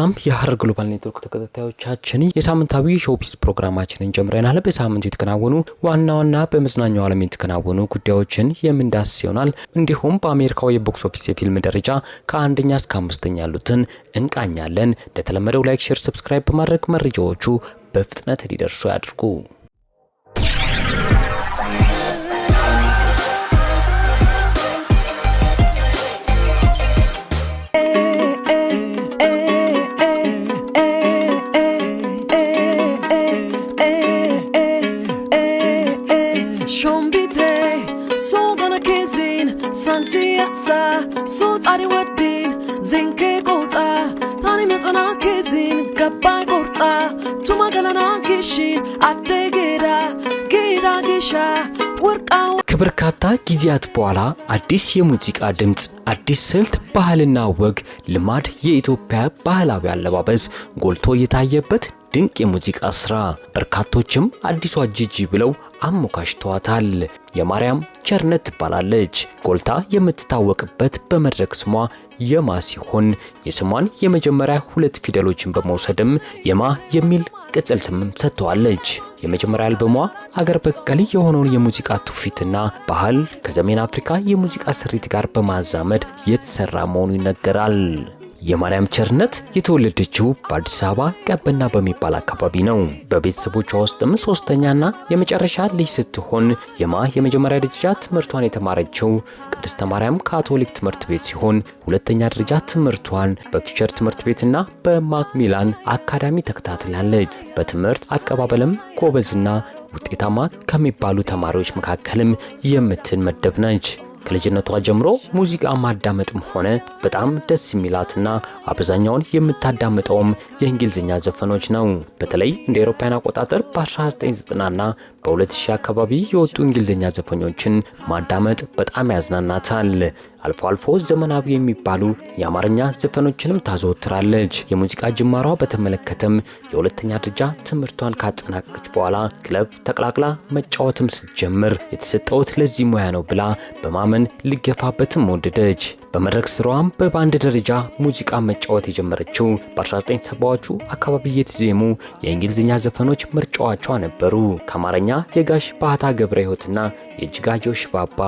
ሰላም የሀረር ግሎባል ኔትወርክ ተከታታዮቻችን የሳምንታዊ ሾፒስ ፕሮግራማችንን ጀምረናል። በሳምንቱ የተከናወኑ ዋና ዋና በመዝናኛው ዓለም የተከናወኑ ጉዳዮችን የምንዳስ ይሆናል። እንዲሁም በአሜሪካው የቦክስ ኦፊስ የፊልም ደረጃ ከአንደኛ እስከ አምስተኛ ያሉትን እንቃኛለን። እንደተለመደው ላይክ፣ ሼር፣ ሰብስክራይብ በማድረግ መረጃዎቹ በፍጥነት ሊደርሱ ያድርጉ። Tuma galana gishin ወርቃው ከበርካታ ጊዜያት በኋላ አዲስ የሙዚቃ ድምፅ፣ አዲስ ስልት፣ ባህልና ወግ ልማድ፣ የኢትዮጵያ ባህላዊ አለባበስ ጎልቶ የታየበት ድንቅ የሙዚቃ ስራ በርካቶችም አዲሷ ጂጂ ብለው አሞካሽተዋታል። የማርያም ቸርነት ትባላለች። ጎልታ የምትታወቅበት በመድረክ ስሟ የማ ሲሆን የስሟን የመጀመሪያ ሁለት ፊደሎችን በመውሰድም የማ የሚል ቅጽል ስምም ሰጥተዋለች። የመጀመሪያ አልበሟ ሀገር በቀል የሆነውን የሙዚቃ ትውፊትና ባህል ከሰሜን አፍሪካ የሙዚቃ ስሪት ጋር በማዛመድ የተሰራ መሆኑ ይነገራል። የማርያም ቸርነት የተወለደችው በአዲስ አበባ ቀበና በሚባል አካባቢ ነው። በቤተሰቦቿ ውስጥም ሶስተኛና የመጨረሻ ልጅ ስትሆን የማ የመጀመሪያ ደረጃ ትምህርቷን የተማረችው ቅድስተ ማርያም ካቶሊክ ትምህርት ቤት ሲሆን ሁለተኛ ደረጃ ትምህርቷን በፊቸር ትምህርት ቤትና በማክሚላን አካዳሚ ተከታትላለች። በትምህርት አቀባበልም ጎበዝና ውጤታማ ከሚባሉ ተማሪዎች መካከልም የምትመደብ ነች። ከልጅነቷ ጀምሮ ሙዚቃ ማዳመጥም ሆነ በጣም ደስ የሚላትና አብዛኛውን የምታዳምጠውም የእንግሊዝኛ ዘፈኖች ነው። በተለይ እንደ አውሮፓውያን አቆጣጠር በ1990ና በ2000 አካባቢ የወጡ እንግሊዝኛ ዘፈኖችን ማዳመጥ በጣም ያዝናናታል። አልፎ አልፎ ዘመናዊ የሚባሉ የአማርኛ ዘፈኖችንም ታዘወትራለች። የሙዚቃ ጅማሯ በተመለከተም የሁለተኛ ደረጃ ትምህርቷን ካጠናቀቀች በኋላ ክለብ ተቀላቅላ መጫወትም ስትጀምር የተሰጠውት ለዚህ ሙያ ነው ብላ በማመን ልገፋበትም ወደደች። በመድረክ ስራዋም በባንድ ደረጃ ሙዚቃ መጫወት የጀመረችው በ1970ዎቹ አካባቢ የተዜሙ የእንግሊዝኛ ዘፈኖች ምርጫዎቿ ነበሩ። ከአማርኛ የጋሽ ባህታ ገብረ ሕይወትና የእጅጋየሁ ሽባባ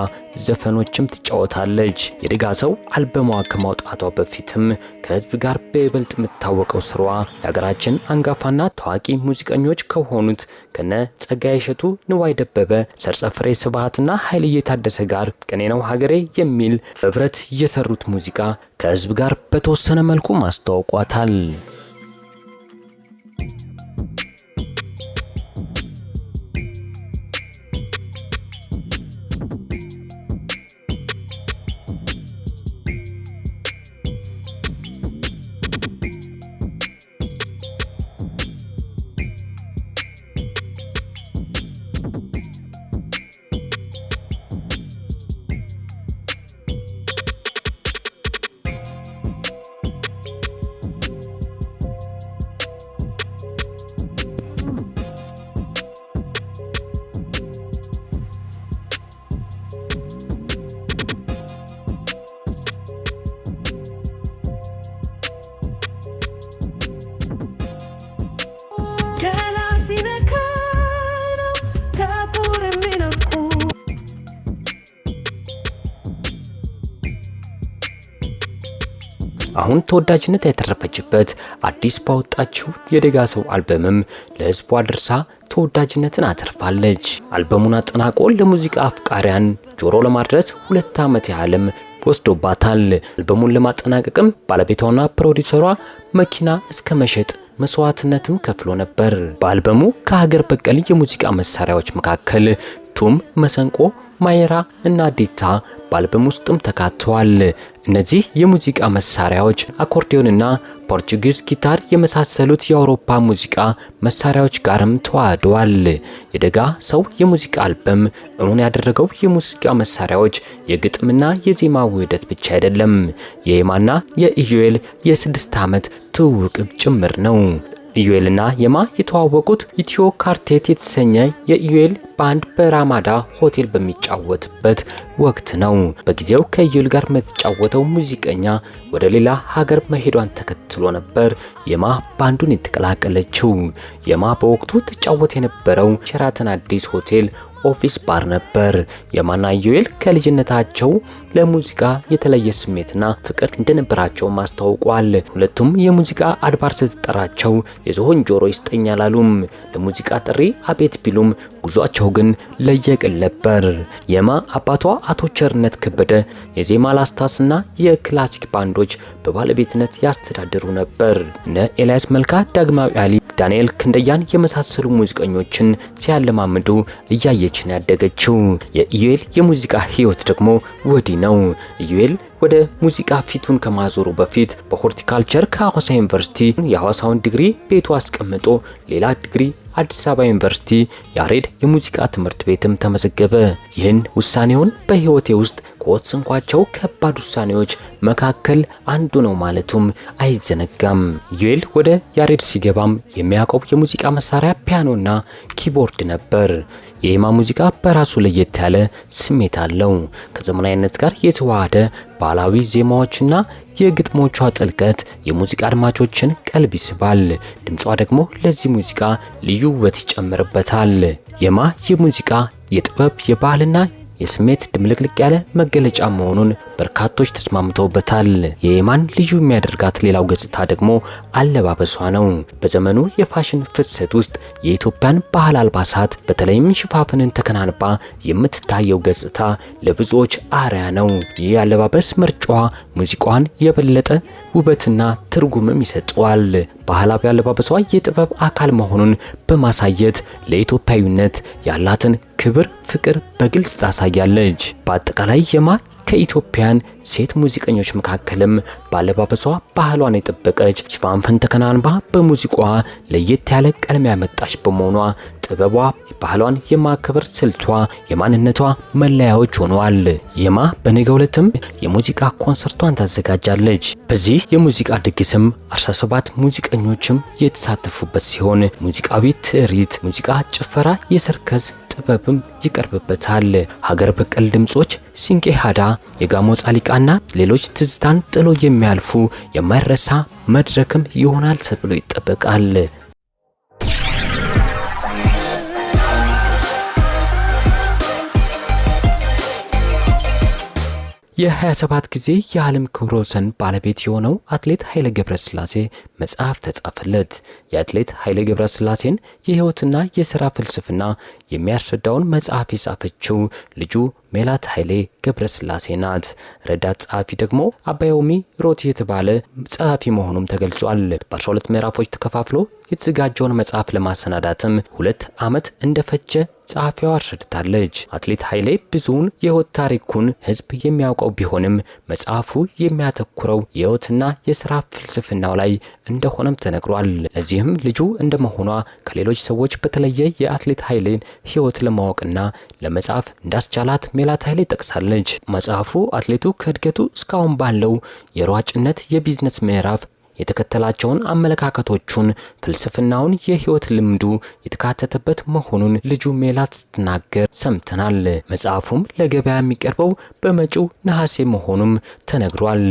ዘፈኖችም ትጫወታለች። የደጋ ሰው አልበሟ ከማውጣቷ በፊትም ከህዝብ ጋር በይበልጥ የምታወቀው ስሯ የሀገራችን አንጋፋና ታዋቂ ሙዚቀኞች ከሆኑት ከነ ጸጋዬ እሸቱ፣ ንዋይ ደበበ፣ ሰርጸፍሬ ስብሃትና ኃይልዬ ታደሰ ጋር ቅኔ ነው ሀገሬ የሚል የ የሰሩት ሙዚቃ ከህዝብ ጋር በተወሰነ መልኩ ማስተዋውቋታል። አሁን ተወዳጅነት ያተረፈችበት አዲስ ባወጣችው የደጋ ሰው አልበምም ለህዝቡ አድርሳ ተወዳጅነትን አተርፋለች። አልበሙን አጠናቆ ለሙዚቃ አፍቃሪያን ጆሮ ለማድረስ ሁለት ዓመት ያህልም ወስዶባታል። አልበሙን ለማጠናቀቅም ባለቤቷና ፕሮዲሰሯ መኪና እስከ መሸጥ መስዋዕትነትም ከፍሎ ነበር። በአልበሙ ከሀገር በቀል የሙዚቃ መሳሪያዎች መካከል ቱም፣ መሰንቆ ማየራ እና ዲታ በአልበም ውስጥም ተካተዋል። እነዚህ የሙዚቃ መሳሪያዎች አኮርዲዮንና ፖርቹጊዝ ጊታር የመሳሰሉት የአውሮፓ ሙዚቃ መሳሪያዎች ጋርም ተዋህደዋል። የደጋ ሰው የሙዚቃ አልበም እውን ያደረገው የሙዚቃ መሳሪያዎች የግጥምና የዜማ ውህደት ብቻ አይደለም፣ የኤማና የኢዩኤል የስድስት ዓመት ትውቅ ጭምር ነው። ኢዩኤልና የማ የተዋወቁት ኢትዮ ካርቴት የተሰኘ የኢዩኤል ባንድ በራማዳ ሆቴል በሚጫወትበት ወቅት ነው። በጊዜው ከኢዩኤል ጋር የምትጫወተው ሙዚቀኛ ወደ ሌላ ሀገር መሄዷን ተከትሎ ነበር የማ ባንዱን የተቀላቀለችው። የማ በወቅቱ ትጫወት የነበረው ሸራተን አዲስ ሆቴል ኦፊስ ባር ነበር። የማና ዩኤል ከልጅነታቸው ለሙዚቃ የተለየ ስሜትና ፍቅር እንደነበራቸው አስታውቋል። ሁለቱም የሙዚቃ አድባር ስትጠራቸው የዝሆን ጆሮ ይስጠኝ አላሉም። ለሙዚቃ ጥሪ አቤት ቢሉም ጉዟቸው ግን ለየቅል ነበር። የማ አባቷ አቶ ቸርነት ከበደ የዜማ ላስታስና የክላሲክ ባንዶች በባለቤትነት ያስተዳድሩ ነበር። እነ ኤልያስ መልካ፣ ዳግማዊ አሊ ዳንኤል ክንደያን የመሳሰሉ ሙዚቀኞችን ሲያለማምዱ እያየችን ያደገችው። የኢዩኤል የሙዚቃ ህይወት ደግሞ ወዲህ ነው። ኢዩኤል ወደ ሙዚቃ ፊቱን ከማዞሩ በፊት በሆርቲካልቸር ከሐዋሳ ዩኒቨርሲቲ የሐዋሳውን ዲግሪ ቤቱ አስቀምጦ ሌላ ዲግሪ አዲስ አበባ ዩኒቨርሲቲ ያሬድ የሙዚቃ ትምህርት ቤትም ተመዘገበ። ይህን ውሳኔውን በህይወቴ ውስጥ ከወሰንኳቸው ከባድ ውሳኔዎች መካከል አንዱ ነው ማለቱም አይዘነጋም። ዩኤል ወደ ያሬድ ሲገባም የሚያውቀው የሙዚቃ መሳሪያ ፒያኖና ኪቦርድ ነበር። የኤማ ሙዚቃ በራሱ ለየት ያለ ስሜት አለው። ከዘመናዊነት ጋር የተዋሃደ ባህላዊ ዜማዎችና የግጥሞቿ ጥልቀት የሙዚቃ አድማጮችን ቀልብ ይስባል። ድምጿ ደግሞ ለዚህ ሙዚቃ ልዩ ውበት ይጨምርበታል። የማ የሙዚቃ የጥበብ የባህልና የስሜት ድምልቅልቅ ያለ መገለጫ መሆኑን በርካቶች ተስማምተውበታል። የየማን ልዩ የሚያደርጋት ሌላው ገጽታ ደግሞ አለባበሷ ነው። በዘመኑ የፋሽን ፍሰት ውስጥ የኢትዮጵያን ባህል አልባሳት በተለይም ሽፋፍንን ተከናንባ የምትታየው ገጽታ ለብዙዎች አርያ ነው። ይህ አለባበስ ምርጫዋ ሙዚቋን የበለጠ ውበትና ትርጉምም ይሰጠዋል። ባህላዊ አለባበሷ የጥበብ አካል መሆኑን በማሳየት ለኢትዮጵያዊነት ያላትን ክብር፣ ፍቅር በግልጽ ታሳያለች። በአጠቃላይ የማ ከኢትዮጵያን ሴት ሙዚቀኞች መካከልም ባለባበሷ ባህሏን የጠበቀች ሽፋንፈን ተከናንባ በሙዚቃዋ ለየት ያለ ቀለም ያመጣች በመሆኗ ጥበቧ ባህሏን የማከበር ስልቷ የማንነቷ መለያዎች ሆነዋል። የማ በነገው ዕለትም የሙዚቃ ኮንሰርቷን ታዘጋጃለች። በዚህ የሙዚቃ ድግስም 47 ሙዚቀኞችም የተሳተፉበት ሲሆን ሙዚቃዊ ትርኢት፣ ሙዚቃ፣ ጭፈራ፣ የሰርከስ ጥበብም ይቀርብበታል። ሀገር በቀል ድምጾች ሲንቄ ሀዳ፣ የጋሞ ጻሊቃና ሌሎች ትዝታን ጥሎ የሚያልፉ የማይረሳ መድረክም ይሆናል ተብሎ ይጠበቃል። የ27 ጊዜ የዓለም ክብረ ወሰን ባለቤት የሆነው አትሌት ኃይለ ገብረስላሴ መጽሐፍ ተጻፈለት። የአትሌት ኃይሌ ገብረስላሴን የሕይወትና የሥራ ፍልስፍና የሚያስረዳውን መጽሐፍ የጻፈችው ልጁ ሜላት ኃይሌ ገብረስላሴ ናት። ረዳት ጸሐፊ ደግሞ አባዮሚ ሮት የተባለ ጸሐፊ መሆኑም ተገልጿል። በ12 ምዕራፎች ተከፋፍሎ የተዘጋጀውን መጽሐፍ ለማሰናዳትም ሁለት ዓመት እንደፈጀ ጸሐፊዋ አስረድታለች። አትሌት ኃይሌ ብዙውን የሕይወት ታሪኩን ሕዝብ የሚያውቀው ቢሆንም መጽሐፉ የሚያተኩረው የሕይወትና የሥራ ፍልስፍናው ላይ እንደሆነም ተነግሯል። ለዚህም ልጁ እንደመሆኗ ከሌሎች ሰዎች በተለየ የአትሌት ኃይሌን ህይወት ለማወቅና ለመጻፍ እንዳስቻላት ሜላት ኃይሌ ጠቅሳለች። መጽሐፉ አትሌቱ ከእድገቱ እስካሁን ባለው የሯጭነት የቢዝነስ ምዕራፍ የተከተላቸውን አመለካከቶቹን፣ ፍልስፍናውን፣ የህይወት ልምዱ የተካተተበት መሆኑን ልጁ ሜላት ስትናገር ሰምተናል። መጽሐፉም ለገበያ የሚቀርበው በመጪው ነሐሴ መሆኑም ተነግሯል።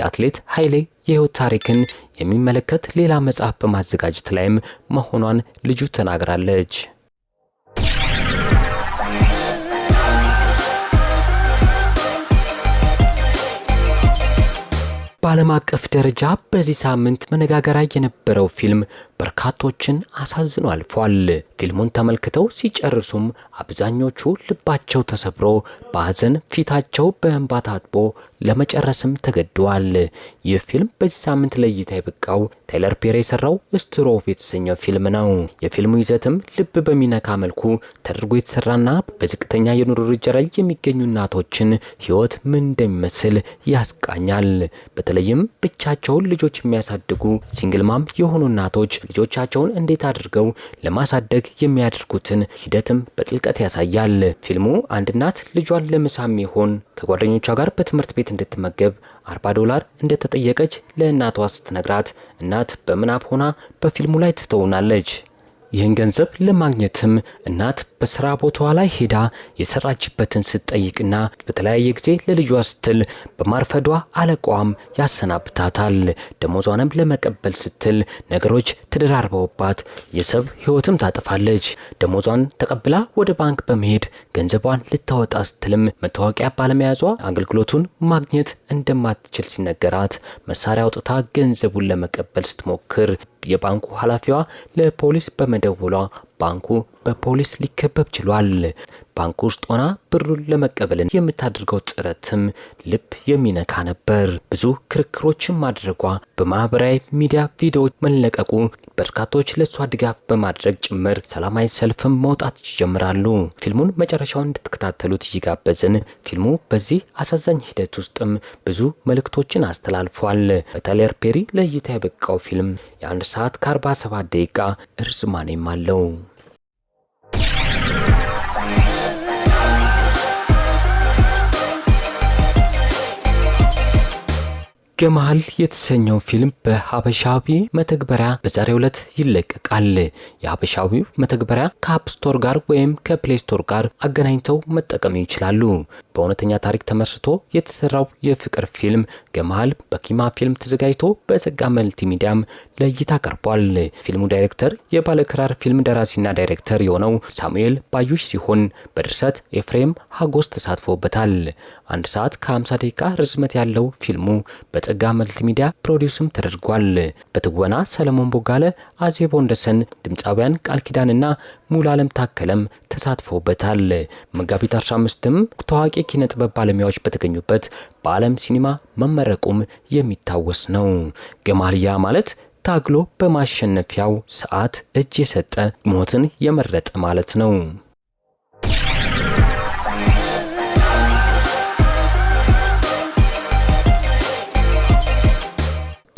የአትሌት ኃይሌ የህይወት ታሪክን የሚመለከት ሌላ መጽሐፍ በማዘጋጀት ላይም መሆኗን ልጁ ተናግራለች። በዓለም አቀፍ ደረጃ በዚህ ሳምንት መነጋገሪያ የነበረው ፊልም በርካቶችን አሳዝኖ አልፏል። ፊልሙን ተመልክተው ሲጨርሱም አብዛኞቹ ልባቸው ተሰብሮ በሀዘን ፊታቸው በእንባ ታጥቦ ለመጨረስም ተገደዋል። ይህ ፊልም በዚህ ሳምንት ለእይታ የበቃው ታይለር ፔሪ የሰራው ስትሮፍ የተሰኘው ፊልም ነው። የፊልሙ ይዘትም ልብ በሚነካ መልኩ ተደርጎ የተሰራና በዝቅተኛ የኑሮ ደረጃ ላይ የሚገኙ እናቶችን ሕይወት ምን እንደሚመስል ያስቃኛል። በተለይም ብቻቸውን ልጆች የሚያሳድጉ ሲንግልማም የሆኑ እናቶች ልጆቻቸውን እንዴት አድርገው ለማሳደግ የሚያደርጉትን ሂደትም በጥልቀት ያሳያል። ፊልሙ አንድ እናት ልጇን ለምሳ ይሆን ከጓደኞቿ ጋር በትምህርት ቤት እንድትመገብ 40 ዶላር እንደተጠየቀች ለእናቷ ስትነግራት እናት በምናብ ሆና በፊልሙ ላይ ትተውናለች። ይህን ገንዘብ ለማግኘትም እናት በስራ ቦታዋ ላይ ሄዳ የሰራችበትን ስትጠይቅና በተለያየ ጊዜ ለልጇ ስትል በማርፈዷ አለቋም ያሰናብታታል። ደሞዟንም ለመቀበል ስትል ነገሮች ተደራርበውባት የሰብ ህይወትም ታጠፋለች። ደሞዟን ተቀብላ ወደ ባንክ በመሄድ ገንዘቧን ልታወጣ ስትልም መታወቂያ ባለመያዟ አገልግሎቱን ማግኘት እንደማትችል ሲነገራት መሳሪያ አውጥታ ገንዘቡን ለመቀበል ስትሞክር የባንኩ ኃላፊዋ ለፖሊስ በመደወሏ ባንኩ በፖሊስ ሊከበብ ችሏል። ባንኩ ውስጥ ሆና ብሩን ለመቀበልን የምታደርገው ጥረትም ልብ የሚነካ ነበር። ብዙ ክርክሮችን ማድረጓ፣ በማህበራዊ ሚዲያ ቪዲዮዎች መለቀቁ፣ በርካቶች ለእሷ ድጋፍ በማድረግ ጭምር ሰላማዊ ሰልፍም መውጣት ይጀምራሉ። ፊልሙን መጨረሻውን እንድትከታተሉት እየጋበዝን ፊልሙ በዚህ አሳዛኝ ሂደት ውስጥም ብዙ መልእክቶችን አስተላልፏል። በታይለር ፔሪ ለእይታ የበቃው ፊልም የአንድ ሰዓት ከ47 ደቂቃ እርዝማኔም አለው። ሕገ የተሰኘው ፊልም በሀበሻዊ መተግበሪያ በዛሬው ዕለት ይለቀቃል። የሀበሻዊው መተግበሪያ ከአፕስቶር ጋር ወይም ከፕሌስቶር ጋር አገናኝተው መጠቀም ይችላሉ። በእውነተኛ ታሪክ ተመስርቶ የተሰራው የፍቅር ፊልም ገመሃል በኪማ ፊልም ተዘጋጅቶ በጸጋ መልቲ ሚዲያም ለእይታ ቀርቧል። ፊልሙ ዳይሬክተር የባለክራር ፊልም ደራሲና ዳይሬክተር የሆነው ሳሙኤል ባዩሽ ሲሆን በድርሰት ኤፍሬም ሀጎስ ተሳትፎበታል። አንድ ሰዓት ከ50 ደቂቃ ርዝመት ያለው ፊልሙ በጸጋ መልቲሚዲያ ፕሮዲውስም ተደርጓል። በትወና ሰለሞን ቦጋለ፣ አዜብ ወንደሰን፣ ድምፃውያን ቃል ኪዳንና ሙሉ አለም ታከለም ተሳትፎበታል። መጋቢት 15ም ታዋቂ ኪነ ጥበብ ባለሙያዎች በተገኙበት በዓለም ሲኒማ መመረቁም የሚታወስ ነው። ገማልያ ማለት ታግሎ በማሸነፊያው ሰዓት እጅ የሰጠ ሞትን የመረጠ ማለት ነው።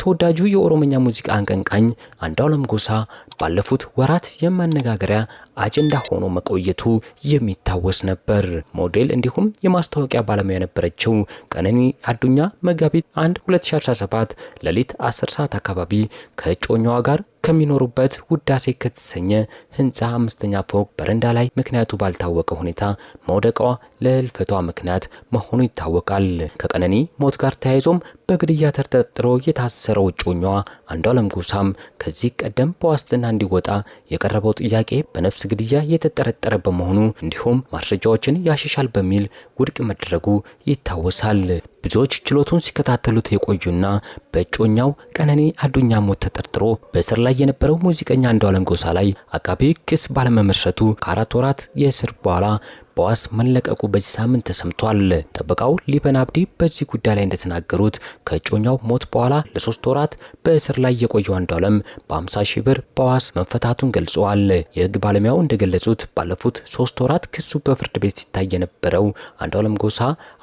ተወዳጁ የኦሮምኛ ሙዚቃ አንቀንቃኝ አንዱዓለም ጎሳ ባለፉት ወራት የመነጋገሪያ አጀንዳ ሆኖ መቆየቱ የሚታወስ ነበር። ሞዴል እንዲሁም የማስታወቂያ ባለሙያ የነበረችው ቀነኒ አዱኛ መጋቢት 1 2017 ሌሊት 10 ሰዓት አካባቢ ከእጮኛዋ ጋር ከሚኖሩበት ውዳሴ ከተሰኘ ህንፃ አምስተኛ ፎቅ በረንዳ ላይ ምክንያቱ ባልታወቀ ሁኔታ መውደቋ ለህልፈቷ ምክንያት መሆኑ ይታወቃል። ከቀነኒ ሞት ጋር ተያይዞም በግድያ ተጠርጥሮ የታሰረው እጮኛዋ አንዷለም ጎሳም ከዚህ ቀደም በዋስትና እንዲወጣ የቀረበው ጥያቄ በነፍስ ግድያ የተጠረጠረ በመሆኑ እንዲሁም ማስረጃዎችን ያሸሻል በሚል ውድቅ መደረጉ ይታወሳል። ብዙዎች ችሎቱን ሲከታተሉት የቆዩና በእጮኛው ቀነኔ አዱኛ ሞት ተጠርጥሮ በእስር ላይ የነበረው ሙዚቀኛ አንዱዓለም ጎሳ ላይ አቃቤ ክስ ባለመመስረቱ ከአራት ወራት የእስር በኋላ በዋስ መለቀቁ በዚህ ሳምንት ተሰምቷል። ጠበቃው ሊበን አብዲ በዚህ ጉዳይ ላይ እንደተናገሩት ከእጮኛው ሞት በኋላ ለሶስት ወራት በእስር ላይ የቆየው አንዷለም በ50 ሺህ ብር በዋስ መፈታቱን ገልጸዋል። የህግ ባለሙያው እንደገለጹት ባለፉት ሶስት ወራት ክሱ በፍርድ ቤት ሲታይ የነበረው አንዷለም ጎሳ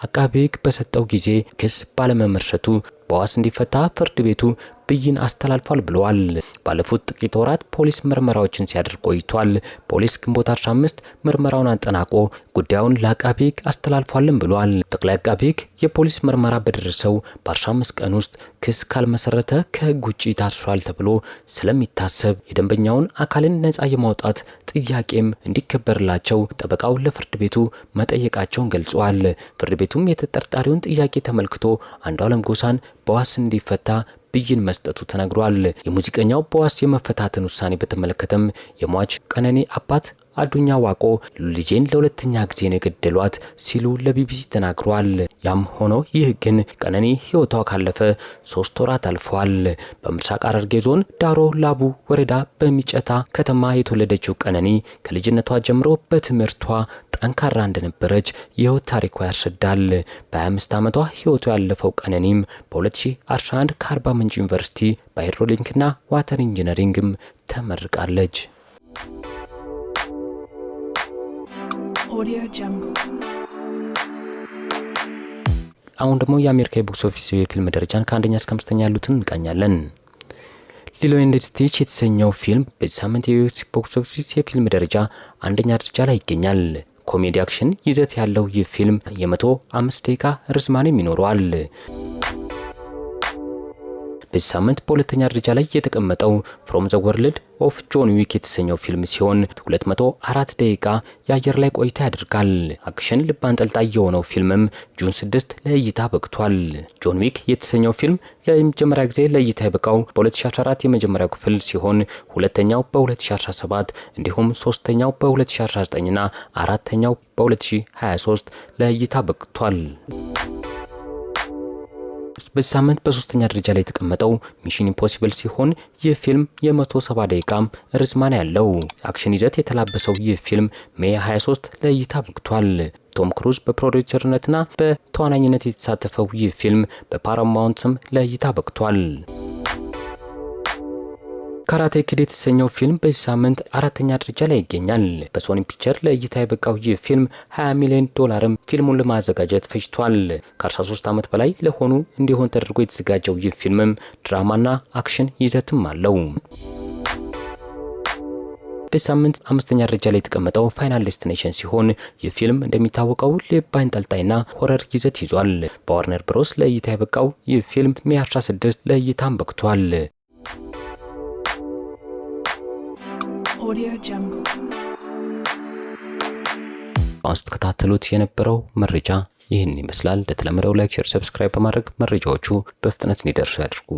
አቃቤ ህግ በሰጠው ጊዜ ክስ ባለመመርሸቱ በዋስ እንዲፈታ ፍርድ ቤቱ ብይን አስተላልፏል ብለዋል። ባለፉት ጥቂት ወራት ፖሊስ ምርመራዎችን ሲያደርግ ቆይቷል። ፖሊስ ግንቦት 15 ምርመራውን አጠናቆ ጉዳዩን ለአቃቤ ሕግ አስተላልፏልም ብሏል። ጠቅላይ አቃቤ የፖሊስ ምርመራ በደረሰው በ15 ቀን ውስጥ ክስ ካልመሰረተ ከህግ ውጭ ታስሯል ተብሎ ስለሚታሰብ የደንበኛውን አካልን ነጻ የማውጣት ጥያቄም እንዲከበርላቸው ጠበቃው ለፍርድ ቤቱ መጠየቃቸውን ገልጿል። ፍርድ ቤቱም የተጠርጣሪውን ጥያቄ ተመልክቶ አለም ጎሳን በዋስ እንዲፈታ ብይን መስጠቱ ተነግሯል። የሙዚቀኛው በዋስ የመፈታትን ውሳኔ በተመለከተም የሟች ቀነኔ አባት አዱኛ ዋቆ ልጄን ለሁለተኛ ጊዜ ነው የገደሏት ሲሉ ለቢቢሲ ተናግሯል። ያም ሆኖ ይህ ግን ቀነኔ ሕይወቷ ካለፈ ሶስት ወራት አልፏል። በምስራቅ ሐረርጌ ዞን ዳሮ ላቡ ወረዳ በሚጨታ ከተማ የተወለደችው ቀነኔ ከልጅነቷ ጀምሮ በትምህርቷ ጠንካራ እንደነበረች የህይወት ታሪኳ ያስረዳል። በ25 ዓመቷ ህይወቱ ያለፈው ቀነኒም በ2011 ከአርባ ምንጭ ዩኒቨርሲቲ ና ዋተር ኢንጂነሪንግም ተመርቃለች። አሁን ደግሞ የአሜሪካ የቦክስ ኦፊስ የፊልም ደረጃን ከአንደኛ እስከ አምስተኛ ያሉትን እንቃኛለን። ሊሎ ኤንድ ስቲች የተሰኘው ፊልም በዚህ ሳምንት የዩኤስ ቦክስ ኦፊስ የፊልም ደረጃ አንደኛ ደረጃ ላይ ይገኛል። ኮሜዲ አክሽን ይዘት ያለው ይህ ፊልም የመቶ አምስት ደቂቃ ርዝማኔም ይኖረዋል። በዚህ ሳምንት በሁለተኛ ደረጃ ላይ የተቀመጠው ፍሮም ዘ ወርልድ ኦፍ ጆን ዊክ የተሰኘው ፊልም ሲሆን 204 ደቂቃ የአየር ላይ ቆይታ ያደርጋል። አክሽን ልብ አንጠልጣይ የሆነው ፊልምም ጁን 6 ለእይታ በቅቷል። ጆን ዊክ የተሰኘው ፊልም ለመጀመሪያ ጊዜ ለእይታ የበቃው በ2014 የመጀመሪያው ክፍል ሲሆን ሁለተኛው በ2017 እንዲሁም ሶስተኛው በ2019ና አራተኛው በ2023 ለእይታ በቅቷል። በዚህ በሶስተኛ ደረጃ ላይ የተቀመጠው ሚሽን ኢምፖሲብል ሲሆን ይህ ፊልም የ170 ደቂቃ ርዝማን ያለው አክሽን ይዘት የተላበሰው ይህ ፊልም ሜይ 23 ለእይታ በቅቷል። ቶም ክሩዝ በፕሮዲውሰርነትና በተዋናኝነት የተሳተፈው ይህ ፊልም በፓራማውንትም ለእይታ በቅቷል። ካራቴ ኪድ የተሰኘው ፊልም በዚህ ሳምንት አራተኛ ደረጃ ላይ ይገኛል። በሶኒ ፒክቸር ለእይታ የበቃው ይህ ፊልም 20 ሚሊዮን ዶላርም ፊልሙን ለማዘጋጀት ፈጅቷል። ከ13 ዓመት በላይ ለሆኑ እንዲሆን ተደርጎ የተዘጋጀው ይህ ፊልምም ድራማና አክሽን ይዘትም አለው። በሳምንት አምስተኛ ደረጃ ላይ የተቀመጠው ፋይናል ዴስቲኔሽን ሲሆን ይህ ፊልም እንደሚታወቀው ልብ አንጠልጣይና ሆረር ይዘት ይዟል። በዋርነር ብሮስ ለእይታ የበቃው ይህ ፊልም ሚያዝያ 16 ለእይታም በቅቷል። Audio Jungle ስትከታተሉት የነበረው መረጃ ይህን ይመስላል። ለተለመደው ላይክ፣ ሼር፣ ሰብስክራይብ በማድረግ መረጃዎቹ በፍጥነት እንዲደርሱ ያድርጉ።